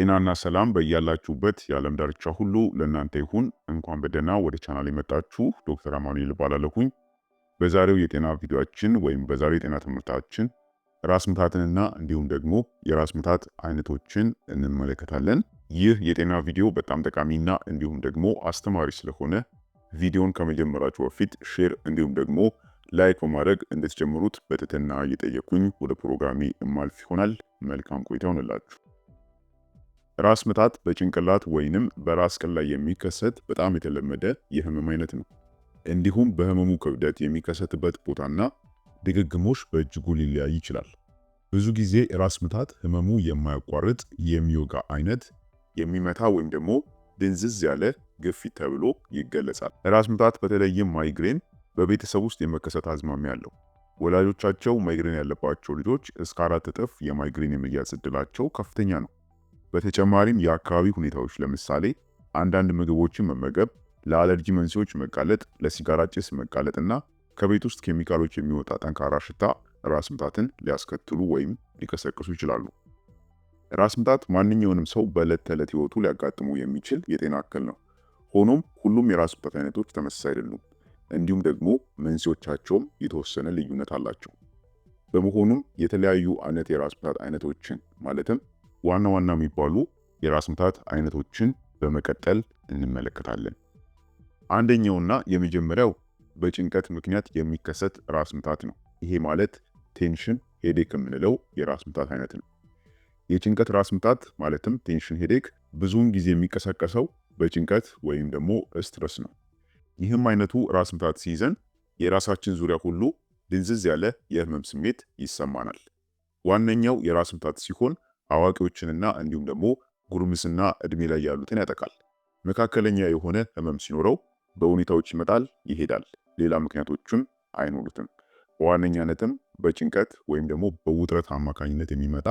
ጤናና ሰላም በያላችሁበት የዓለም ዳርቻ ሁሉ ለእናንተ ይሁን። እንኳን በደህና ወደ ቻናል የመጣችሁ ዶክተር አማኑኤል ባላለሁኝ። በዛሬው የጤና ቪዲዮችን ወይም በዛሬው የጤና ትምህርታችን ራስ ምታትንና እንዲሁም ደግሞ የራስ ምታት አይነቶችን እንመለከታለን። ይህ የጤና ቪዲዮ በጣም ጠቃሚና እንዲሁም ደግሞ አስተማሪ ስለሆነ ቪዲዮን ከመጀመራችሁ በፊት ሼር እንዲሁም ደግሞ ላይክ በማድረግ እንድትጀምሩት በትህትና እየጠየኩኝ ወደ ፕሮግራሜ እማልፍ ይሆናል። መልካም ቆይታ ይሆንላችሁ። ራስ ምታት በጭንቅላት ወይንም በራስ ቅል ላይ የሚከሰት በጣም የተለመደ የህመም አይነት ነው። እንዲሁም በህመሙ ክብደት የሚከሰትበት ቦታና ድግግሞሽ በእጅጉ ሊለያይ ይችላል። ብዙ ጊዜ ራስ ምታት ህመሙ የማያቋርጥ የሚወጋ አይነት፣ የሚመታ ወይም ደግሞ ድንዝዝ ያለ ግፊት ተብሎ ይገለጻል። ራስ ምታት በተለይም ማይግሬን በቤተሰብ ውስጥ የመከሰት አዝማሚያ አለው። ወላጆቻቸው ማይግሬን ያለባቸው ልጆች እስከ አራት እጥፍ የማይግሬን የመያዝ እድላቸው ከፍተኛ ነው። በተጨማሪም የአካባቢ ሁኔታዎች ለምሳሌ አንዳንድ ምግቦችን መመገብ ለአለርጂ መንስኤዎች መጋለጥ፣ ለሲጋራ ጭስ መጋለጥ እና ከቤት ውስጥ ኬሚካሎች የሚወጣ ጠንካራ ሽታ ራስ ምታትን ሊያስከትሉ ወይም ሊቀሰቅሱ ይችላሉ። ራስ ምታት ማንኛውንም ሰው በዕለት ተዕለት ህይወቱ ሊያጋጥሙ የሚችል የጤና እክል ነው። ሆኖም ሁሉም የራስ ምታት አይነቶች ተመሳሳይ አይደሉም፣ እንዲሁም ደግሞ መንስኤዎቻቸውም የተወሰነ ልዩነት አላቸው። በመሆኑም የተለያዩ አይነት የራስ ምታት አይነቶችን ማለትም ዋና ዋና የሚባሉ የራስ ምታት አይነቶችን በመቀጠል እንመለከታለን። አንደኛውና የመጀመሪያው በጭንቀት ምክንያት የሚከሰት ራስ ምታት ነው። ይሄ ማለት ቴንሽን ሄዴክ የምንለው የራስ ምታት አይነት ነው። የጭንቀት ራስ ምታት ማለትም ቴንሽን ሄዴክ ብዙውን ጊዜ የሚቀሰቀሰው በጭንቀት ወይም ደግሞ ስትረስ ነው። ይህም አይነቱ ራስ ምታት ሲይዘን የራሳችን ዙሪያ ሁሉ ድንዝዝ ያለ የህመም ስሜት ይሰማናል። ዋነኛው የራስ ምታት ሲሆን አዋቂዎችንና እንዲሁም ደግሞ ጉርምስና እድሜ ላይ ያሉትን ያጠቃል። መካከለኛ የሆነ ህመም ሲኖረው በሁኔታዎች ይመጣል ይሄዳል፣ ሌላ ምክንያቶቹም አይኖሩትም። በዋነኛነትም በጭንቀት ወይም ደግሞ በውጥረት አማካኝነት የሚመጣ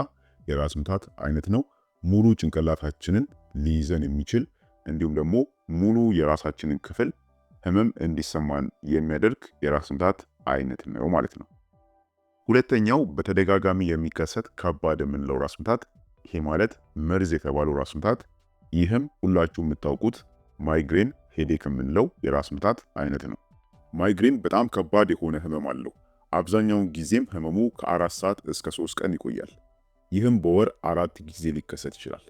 የራስ ምታት አይነት ነው። ሙሉ ጭንቅላታችንን ሊይዘን የሚችል እንዲሁም ደግሞ ሙሉ የራሳችንን ክፍል ህመም እንዲሰማን የሚያደርግ የራስ ምታት አይነት ነው ማለት ነው። ሁለተኛው በተደጋጋሚ የሚከሰት ከባድ የምንለው ራስ ምታት፣ ይሄ ማለት መርዝ የተባለው ራስ ምታት። ይህም ሁላችሁ የምታውቁት ማይግሬን ሄዴክ የምንለው የራስ ምታት አይነት ነው። ማይግሬን በጣም ከባድ የሆነ ህመም አለው። አብዛኛውን ጊዜም ህመሙ ከአራት ሰዓት እስከ ሶስት ቀን ይቆያል። ይህም በወር አራት ጊዜ ሊከሰት ይችላል።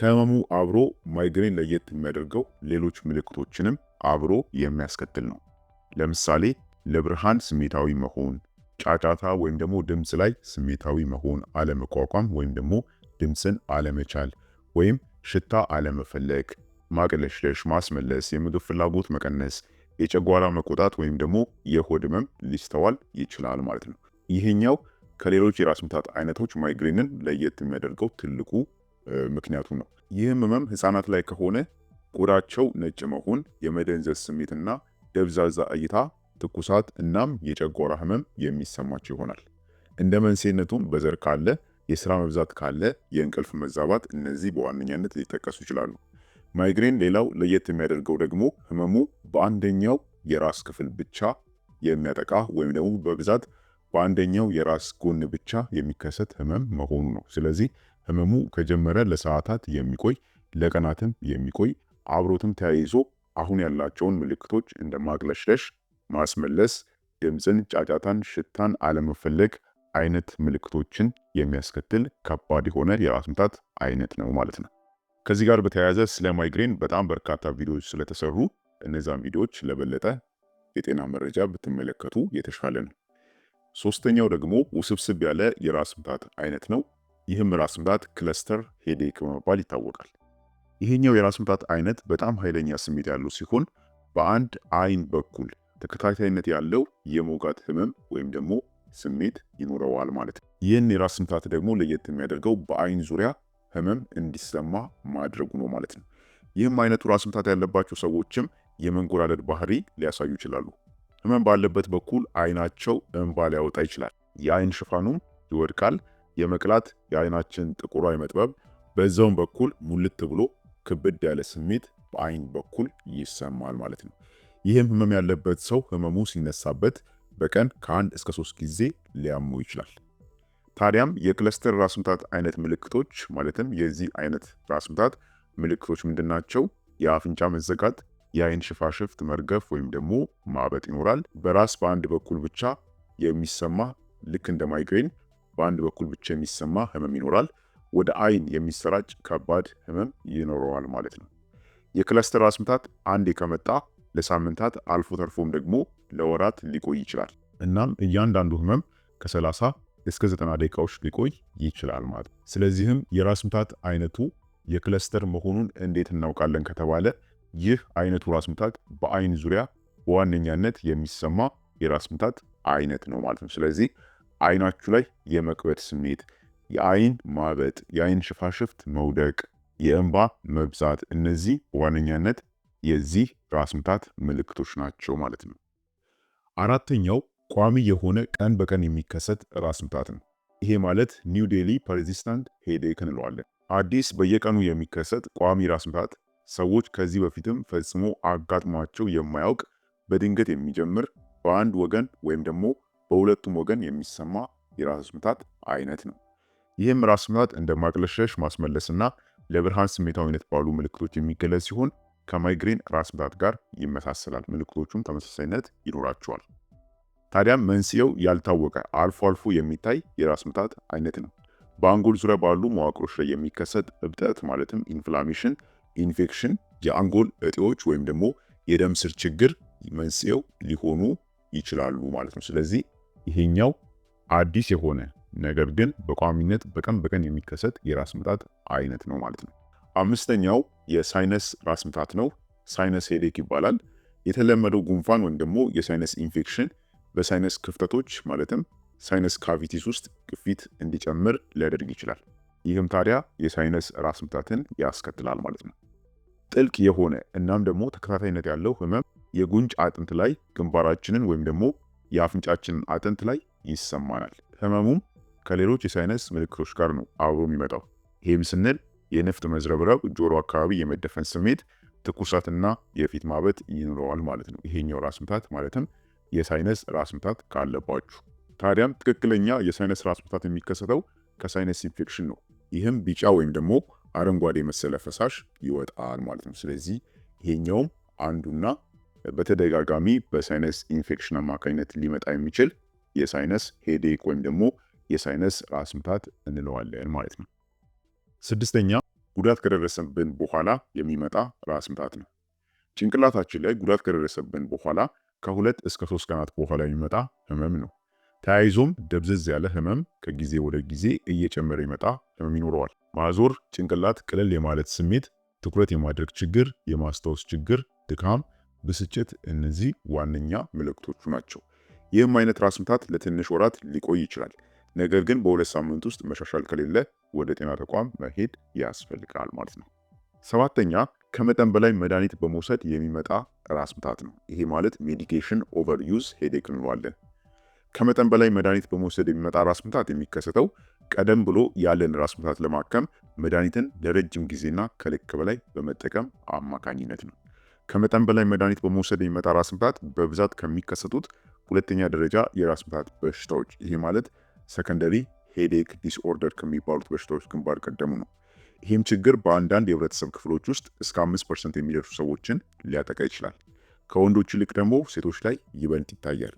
ከህመሙ አብሮ ማይግሬን ለየት የሚያደርገው ሌሎች ምልክቶችንም አብሮ የሚያስከትል ነው። ለምሳሌ ለብርሃን ስሜታዊ መሆን ጫጫታ ወይም ደግሞ ድምፅ ላይ ስሜታዊ መሆን፣ አለመቋቋም ወይም ደግሞ ድምፅን አለመቻል ወይም ሽታ አለመፈለግ፣ ማቅለሽለሽ፣ ማስመለስ፣ የምግብ ፍላጎት መቀነስ፣ የጨጓራ መቆጣት ወይም ደግሞ የሆድ ህመም ሊስተዋል ይችላል ማለት ነው። ይህኛው ከሌሎች የራስ ምታት አይነቶች ማይግሬንን ለየት የሚያደርገው ትልቁ ምክንያቱ ነው። ይህም ህመም ህፃናት ላይ ከሆነ ቆዳቸው ነጭ መሆን፣ የመደንዘዝ ስሜትና ደብዛዛ እይታ ትኩሳት፣ እናም የጨጓራ ህመም የሚሰማቸው ይሆናል። እንደ መንስኤነቱም በዘር ካለ፣ የስራ መብዛት ካለ፣ የእንቅልፍ መዛባት፣ እነዚህ በዋነኛነት ሊጠቀሱ ይችላሉ። ማይግሬን ሌላው ለየት የሚያደርገው ደግሞ ህመሙ በአንደኛው የራስ ክፍል ብቻ የሚያጠቃ ወይም ደግሞ በብዛት በአንደኛው የራስ ጎን ብቻ የሚከሰት ህመም መሆኑ ነው። ስለዚህ ህመሙ ከጀመረ ለሰዓታት የሚቆይ ለቀናትም የሚቆይ አብሮትም ተያይዞ አሁን ያላቸውን ምልክቶች እንደ ማቅለሽለሽ ማስመለስ፣ ድምፅን፣ ጫጫታን፣ ሽታን አለመፈለግ አይነት ምልክቶችን የሚያስከትል ከባድ የሆነ የራስ ምታት አይነት ነው ማለት ነው። ከዚህ ጋር በተያያዘ ስለ ማይግሬን በጣም በርካታ ቪዲዮዎች ስለተሰሩ እነዛን ቪዲዮዎች ለበለጠ የጤና መረጃ ብትመለከቱ የተሻለ ነው። ሶስተኛው ደግሞ ውስብስብ ያለ የራስ ምታት አይነት ነው። ይህም ራስ ምታት ክለስተር ሄዴክ በመባል ይታወቃል። ይህኛው የራስ ምታት አይነት በጣም ኃይለኛ ስሜት ያለው ሲሆን በአንድ አይን በኩል ተከታታይነት ያለው የመውጋት ህመም ወይም ደግሞ ስሜት ይኖረዋል ማለት ነው። ይህን የራስ ምታት ደግሞ ለየት የሚያደርገው በአይን ዙሪያ ህመም እንዲሰማ ማድረጉ ነው ማለት ነው። ይህም አይነቱ ራስ ምታት ያለባቸው ሰዎችም የመንጎራደድ ባህሪ ሊያሳዩ ይችላሉ። ህመም ባለበት በኩል አይናቸው እንባ ሊያወጣ ይችላል። የአይን ሽፋኑም ይወድቃል። የመቅላት የአይናችን ጥቁሩ አይመጥበብ በዛውም በኩል ሙልት ብሎ ክብድ ያለ ስሜት በአይን በኩል ይሰማል ማለት ነው። ይህም ህመም ያለበት ሰው ህመሙ ሲነሳበት በቀን ከአንድ እስከ ሶስት ጊዜ ሊያሙ ይችላል። ታዲያም የክለስተር ራስ ምታት አይነት ምልክቶች ማለትም የዚህ አይነት ራስ ምታት ምልክቶች ምንድናቸው? የአፍንጫ መዘጋት፣ የአይን ሽፋሽፍት መርገፍ ወይም ደግሞ ማበጥ ይኖራል። በራስ በአንድ በኩል ብቻ የሚሰማ ልክ እንደ ማይግሬን በአንድ በኩል ብቻ የሚሰማ ህመም ይኖራል። ወደ አይን የሚሰራጭ ከባድ ህመም ይኖረዋል ማለት ነው። የክለስተር ራስ ምታት አንዴ ከመጣ ለሳምንታት አልፎ ተርፎም ደግሞ ለወራት ሊቆይ ይችላል። እናም እያንዳንዱ ህመም ከ30 እስከ 90 ደቂቃዎች ሊቆይ ይችላል ማለት ነው። ስለዚህም የራስ ምታት አይነቱ የክለስተር መሆኑን እንዴት እናውቃለን ከተባለ ይህ አይነቱ ራስ ምታት በአይን ዙሪያ በዋነኛነት የሚሰማ የራስ ምታት አይነት ነው ማለት ነው። ስለዚህ አይናችሁ ላይ የመቅበድ ስሜት፣ የአይን ማበጥ፣ የአይን ሽፋሽፍት መውደቅ፣ የእንባ መብዛት እነዚህ በዋነኛነት የዚህ ራስ ምታት ምልክቶች ናቸው ማለት ነው። አራተኛው ቋሚ የሆነ ቀን በቀን የሚከሰት ራስ ምታት ነው። ይሄ ማለት ኒው ዴሊ ፐርሲስታንት ሄዴክ እንለዋለን። አዲስ በየቀኑ የሚከሰት ቋሚ ራስ ምታት ሰዎች ከዚህ በፊትም ፈጽሞ አጋጥሟቸው የማያውቅ በድንገት የሚጀምር በአንድ ወገን ወይም ደግሞ በሁለቱም ወገን የሚሰማ የራስ ምታት አይነት ነው። ይህም ራስ ምታት እንደ ማቅለሽለሽ፣ ማስመለስና ለብርሃን ስሜታዊነት ባሉ ምልክቶች የሚገለጽ ሲሆን ከማይግሬን ራስ ምታት ጋር ይመሳሰላል። ምልክቶቹም ተመሳሳይነት ይኖራቸዋል። ታዲያም መንስኤው ያልታወቀ አልፎ አልፎ የሚታይ የራስ ምታት አይነት ነው። በአንጎል ዙሪያ ባሉ መዋቅሮች ላይ የሚከሰት እብጠት ማለትም ኢንፍላሜሽን፣ ኢንፌክሽን፣ የአንጎል እጢዎች ወይም ደግሞ የደም ስር ችግር መንስኤው ሊሆኑ ይችላሉ ማለት ነው። ስለዚህ ይሄኛው አዲስ የሆነ ነገር ግን በቋሚነት በቀን በቀን የሚከሰት የራስ ምታት አይነት ነው ማለት ነው። አምስተኛው የሳይነስ ራስ ምታት ነው። ሳይነስ ሄዴክ ይባላል። የተለመደው ጉንፋን ወይም ደግሞ የሳይነስ ኢንፌክሽን በሳይነስ ክፍተቶች ማለትም ሳይነስ ካቪቲስ ውስጥ ግፊት እንዲጨምር ሊያደርግ ይችላል። ይህም ታዲያ የሳይነስ ራስ ምታትን ያስከትላል ማለት ነው። ጥልቅ የሆነ እናም ደግሞ ተከታታይነት ያለው ህመም የጉንጭ አጥንት ላይ ግንባራችንን ወይም ደግሞ የአፍንጫችንን አጥንት ላይ ይሰማናል። ህመሙም ከሌሎች የሳይነስ ምልክቶች ጋር ነው አብሮ የሚመጣው። ይህም ስንል የነፍጥ መዝረብረብ፣ ጆሮ አካባቢ የመደፈን ስሜት፣ ትኩሳትና የፊት ማበጥ ይኖረዋል ማለት ነው። ይሄኛው ራስ ምታት ማለትም የሳይነስ ራስ ምታት ካለባችሁ። ታዲያም ትክክለኛ የሳይነስ ራስ ምታት የሚከሰተው ከሳይነስ ኢንፌክሽን ነው። ይህም ቢጫ ወይም ደግሞ አረንጓዴ መሰለ ፈሳሽ ይወጣል ማለት ነው። ስለዚህ ይሄኛውም አንዱና በተደጋጋሚ በሳይነስ ኢንፌክሽን አማካኝነት ሊመጣ የሚችል የሳይነስ ሄዴክ ወይም ደግሞ የሳይነስ ራስ ምታት እንለዋለን ማለት ነው። ስድስተኛ ጉዳት ከደረሰብን በኋላ የሚመጣ ራስ ምታት ነው። ጭንቅላታችን ላይ ጉዳት ከደረሰብን በኋላ ከሁለት እስከ ሶስት ቀናት በኋላ የሚመጣ ህመም ነው። ተያይዞም ደብዘዝ ያለ ህመም ከጊዜ ወደ ጊዜ እየጨመረ ይመጣ ህመም ይኖረዋል። ማዞር፣ ጭንቅላት ቅልል የማለት ስሜት፣ ትኩረት የማድረግ ችግር፣ የማስታወስ ችግር፣ ድካም፣ ብስጭት፣ እነዚህ ዋነኛ ምልክቶቹ ናቸው። ይህም አይነት ራስ ምታት ለትንሽ ወራት ሊቆይ ይችላል። ነገር ግን በሁለት ሳምንት ውስጥ መሻሻል ከሌለ ወደ ጤና ተቋም መሄድ ያስፈልጋል ማለት ነው። ሰባተኛ ከመጠን በላይ መድኃኒት በመውሰድ የሚመጣ ራስ ምታት ነው። ይሄ ማለት ሜዲኬሽን ኦቨር ዩዝ ሄዴክ እንለዋለን። ከመጠን በላይ መድኃኒት በመውሰድ የሚመጣ ራስ ምታት የሚከሰተው ቀደም ብሎ ያለን ራስ ምታት ለማከም መድኃኒትን ለረጅም ጊዜና ከልክ በላይ በመጠቀም አማካኝነት ነው። ከመጠን በላይ መድኃኒት በመውሰድ የሚመጣ ራስ ምታት በብዛት ከሚከሰቱት ሁለተኛ ደረጃ የራስ ምታት በሽታዎች ይሄ ማለት ሰከንደሪ ሄዴክ ዲስኦርደር ከሚባሉት በሽታዎች ግንባር ቀደሙ ነው። ይህም ችግር በአንዳንድ የህብረተሰብ ክፍሎች ውስጥ እስከ አምስት ፐርሰንት የሚደርሱ ሰዎችን ሊያጠቃ ይችላል። ከወንዶች ይልቅ ደግሞ ሴቶች ላይ ይበልጥ ይታያል።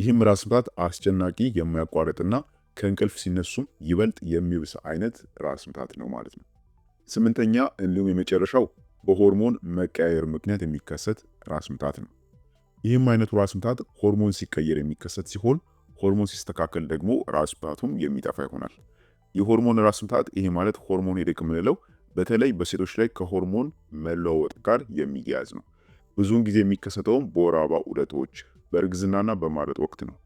ይህም ራስ ምታት አስጨናቂ፣ የማያቋረጥና ከእንቅልፍ ሲነሱም ይበልጥ የሚብስ አይነት ራስ ምታት ነው ማለት ነው። ስምንተኛ እንዲሁም የመጨረሻው በሆርሞን መቀያየር ምክንያት የሚከሰት ራስ ምታት ነው። ይህም አይነቱ ራስ ምታት ሆርሞን ሲቀየር የሚከሰት ሲሆን ሆርሞን ሲስተካከል ደግሞ ራስ ምታቱም የሚጠፋ ይሆናል። የሆርሞን ራስ ምታት ይሄ ማለት ሆርሞን ሄደቅ የምንለው በተለይ በሴቶች ላይ ከሆርሞን መለዋወጥ ጋር የሚያያዝ ነው። ብዙውን ጊዜ የሚከሰተውም በወር አበባ ዑደቶች፣ በእርግዝናና በማረጥ ወቅት ነው።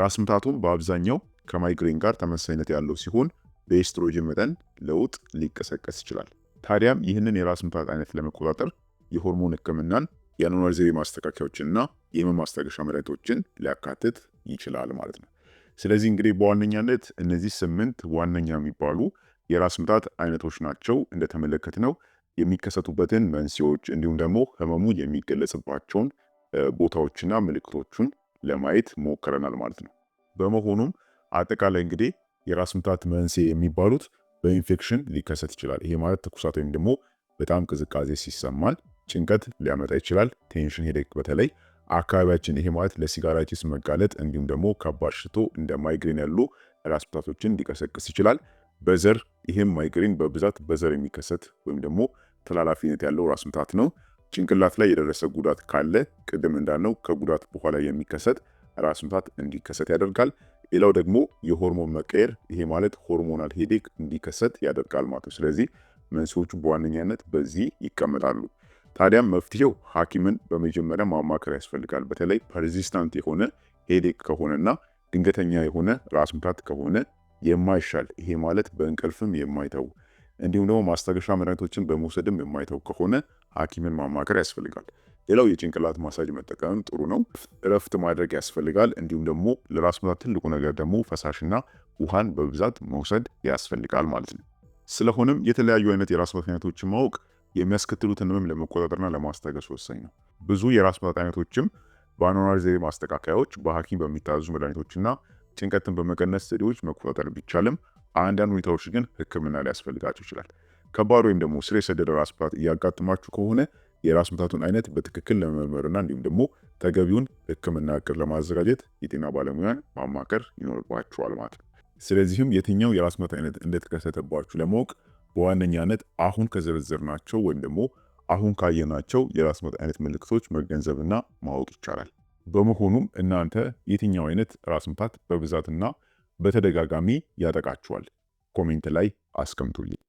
ራስ ምታቱም በአብዛኛው ከማይግሬን ጋር ተመሳሳይነት ያለው ሲሆን በኤስትሮጅን መጠን ለውጥ ሊቀሰቀስ ይችላል። ታዲያም ይህንን የራስ ምታት አይነት ለመቆጣጠር የሆርሞን ህክምናን የአኗኗር ዘይቤ ማስተካከያዎችንና የህመም ማስታገሻ መድኃኒቶችን ሊያካትት ይችላል ማለት ነው። ስለዚህ እንግዲህ በዋነኛነት እነዚህ ስምንት ዋነኛ የሚባሉ የራስ ምታት አይነቶች ናቸው። እንደተመለከትነው ነው የሚከሰቱበትን መንስኤዎች እንዲሁም ደግሞ ህመሙ የሚገለጽባቸውን ቦታዎችና ምልክቶቹን ለማየት ሞክረናል ማለት ነው። በመሆኑም አጠቃላይ እንግዲህ የራስ ምታት መንስኤ የሚባሉት በኢንፌክሽን ሊከሰት ይችላል። ይሄ ማለት ትኩሳት ወይም ደግሞ በጣም ቅዝቃዜ ሲሰማል፣ ጭንቀት ሊያመጣ ይችላል። ቴንሽን ሄደክ በተለይ አካባቢያችን። ይሄ ማለት ለሲጋራ ጭስ መጋለጥ እንዲሁም ደግሞ ከባድ ሽቶ እንደ ማይግሬን ያሉ ራስ ምታቶችን ሊቀሰቅስ ይችላል። በዘር ይህም ማይግሬን በብዛት በዘር የሚከሰት ወይም ደግሞ ተላላፊነት ያለው ራስ ምታት ነው። ጭንቅላት ላይ የደረሰ ጉዳት ካለ ቅድም እንዳልነው ከጉዳት በኋላ የሚከሰት ራስ ምታት እንዲከሰት ያደርጋል። ሌላው ደግሞ የሆርሞን መቀየር፣ ይሄ ማለት ሆርሞናል ሄዴክ እንዲከሰት ያደርጋል ማለት ነው። ስለዚህ መንስኤዎቹ በዋነኛነት በዚህ ይቀመጣሉ። ታዲያም መፍትሄው ሐኪምን በመጀመሪያ ማማከር ያስፈልጋል። በተለይ ፐርዚስታንት የሆነ ሄዴክ ከሆነና ድንገተኛ የሆነ ራስ ምታት ከሆነ የማይሻል ይሄ ማለት በእንቅልፍም የማይተው እንዲሁም ደግሞ ማስታገሻ መድኃኒቶችን በመውሰድም የማይተው ከሆነ ሐኪምን ማማከር ያስፈልጋል። ሌላው የጭንቅላት ማሳጅ መጠቀምም ጥሩ ነው። እረፍት ማድረግ ያስፈልጋል። እንዲሁም ደግሞ ለራስ ምታት ትልቁ ነገር ደግሞ ፈሳሽና ውሃን በብዛት መውሰድ ያስፈልጋል ማለት ነው። ስለሆነም የተለያዩ አይነት የራስ ምታት አይነቶችን ማወቅ የሚያስከትሉትን ህመም ለመቆጣጠርና ለማስታገስ ወሳኝ ነው። ብዙ የራስ ምታት አይነቶችም በአኗኗር ዘይቤ ማስተካከያዎች፣ በሐኪም በሚታዙ መድኃኒቶችና ጭንቀትን በመቀነስ ዘዴዎች መቆጣጠር ቢቻልም አንዳንድ ሁኔታዎች ግን ህክምና ሊያስፈልጋቸው ይችላል። ከባድ ወይም ደግሞ ስር የሰደደ ራስ ምታት እያጋጥማችሁ ከሆነ የራስ ምታቱን አይነት በትክክል ለመመርመርና እንዲሁም ደግሞ ተገቢውን ህክምና እቅድ ለማዘጋጀት የጤና ባለሙያን ማማከር ይኖርባችኋል ማለት ነው። ስለዚህም የትኛው የራስ ምታት አይነት እንደተከሰተባችሁ ለማወቅ በዋነኛነት አሁን ከዘረዘርናቸው ወይም ደግሞ አሁን ካየናቸው የራስ ምታት አይነት ምልክቶች መገንዘብና ማወቅ ይቻላል። በመሆኑም እናንተ የትኛው አይነት ራስ ምታት በብዛትና በተደጋጋሚ ያጠቃችኋል? ኮሜንት ላይ አስቀምጡልኝ።